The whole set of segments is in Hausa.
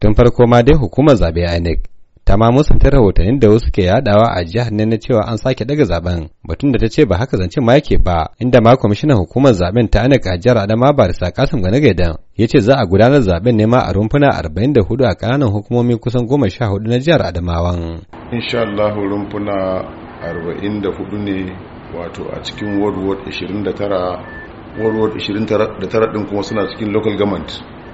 tun farko ma dai hukumar zabe INEC ta ma musanta rahotannin da wasu ke yadawa a jihar ne na cewa an sake daga zaben batun da ta ce ba haka zance ma yake ba inda ma kwamishinan hukumar zaben ta INEC a jihar Adama Barisa Kasim gaidan ya ce za a gudanar zaben ne ma a rumfuna 44 a kananan hukumomi kusan 14 na jihar Adamawan insha Allah rumfuna 44 ne wato a cikin World War 29 World War 29 din kuma suna cikin local government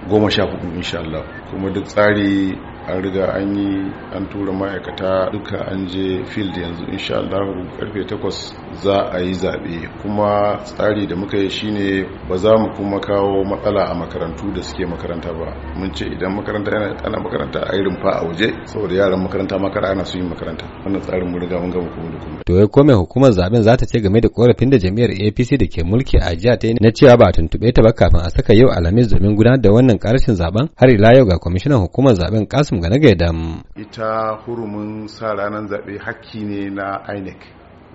goma sha hudu insha Allah kuma duk tsari an riga an yi an tura ma'aikata duka an je field yanzu insha Allah karfe takwas za a yi zaɓe kuma tsari da muka yi ne ba za mu kuma kawo matsala a makarantu da suke makaranta ba mun ce idan makaranta ana makaranta a irin fa a waje saboda yaran makaranta makara ana su yi makaranta wannan tsarin mun riga mun gama kuma da kuma to ya kome hukumar zaben za ta ce game da korafin da jami'ar APC da ke mulki a jiya ta na cewa ba tuntube ta ba kafin a saka yau alhamis domin gudanar da wannan karshen zaben har ila yau ga kwamishinan hukumar zaben Kasim Ganaga Dam ita hurumin sa ranar zaɓe hakki ne na INEC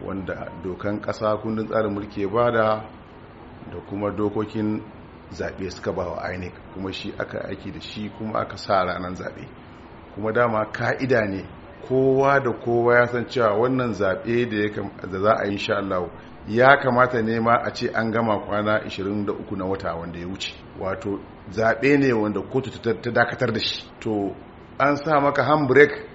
wanda dokan ƙasa kundin tsarin mulki ba da da kuma dokokin zaɓe suka ba wa inec kuma shi aka aiki da shi kuma aka sa ranar zaɓe kuma dama ka'ida ne kowa da kowa ya san cewa wannan zaɓe da za a yi sha'allahu ya kamata ne ma a ce an gama kwana 23 na wata wanda ya wuce wato zaɓe ne wanda kotu ta dakatar da shi to an sa maka handbrake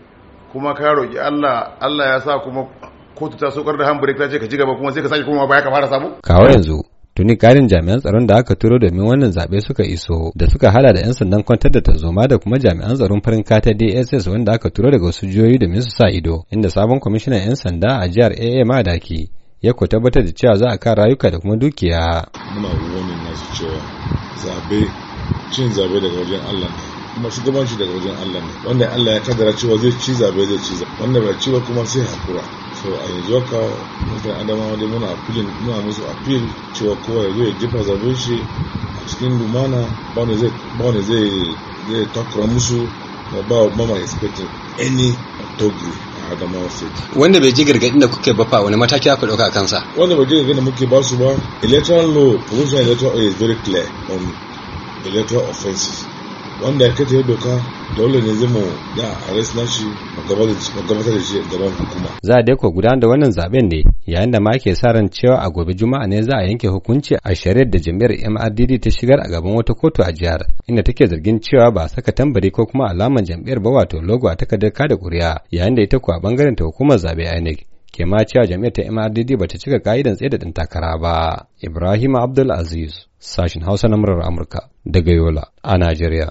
kuma ka roƙi Allah Allah ya sa kuma kotu ta sokar da handbrake ta ce ka ci gaba kuma sai ka sake koma baya ka fara sabo kawo yanzu tuni karin jami'an tsaron da aka turo domin wannan zaɓe suka iso da suka hada da 'yan sandan kwantar da tarzoma da kuma jami'an tsaron farin kata dss wanda aka turo daga wasu jihohi domin su sa ido inda sabon kwamishinan 'yan sanda a jihar aa madaki ya ku tabbatar da cewa za a kan rayuka da kuma dukiya muna wani nasu cewa zaɓe cin zaɓe daga wajen allah ne kuma shugabanci daga wajen allah ne wanda allah ya kaddara cewa zai ci zaɓe zai ci zaɓe wanda bai ci ba kuma sai hakura so a yanzu haka adamawa dai muna appeal muna musu appeal cewa kowa ya zo ya jefa shi a cikin lumana ba wani zai zai takura musu ba ba ma expecting any togri a adamawa state wanda bai ji gargadin da kuke bafa wani mataki aka dauka kansa wanda bai ji gargadin da muke basu ba electoral law provision electoral law is very clear on electoral offenses wanda ya yi doka dole ne zai mu da arrest a gabatar da shi gaban hukuma za da ko gudanar da wannan zaben ne yayin da ma ke sa ran cewa a gobe juma'a ne za a yanke hukunci a shari'ar da jami'ar MRDD ta shigar a gaban wata kotu a jihar inda take zargin cewa ba saka tambari ko kuma alamar jami'ar ba wato logo a takardar kada kuri'a yayin da ita ko a bangaren ta hukumar zabe INEC ke ma cewa jami'ar ta MRDD ba ta cika ka'idan tsaye da ɗan takara ba Ibrahim Abdul Aziz sashin Hausa na murar Amurka daga Yola a Najeriya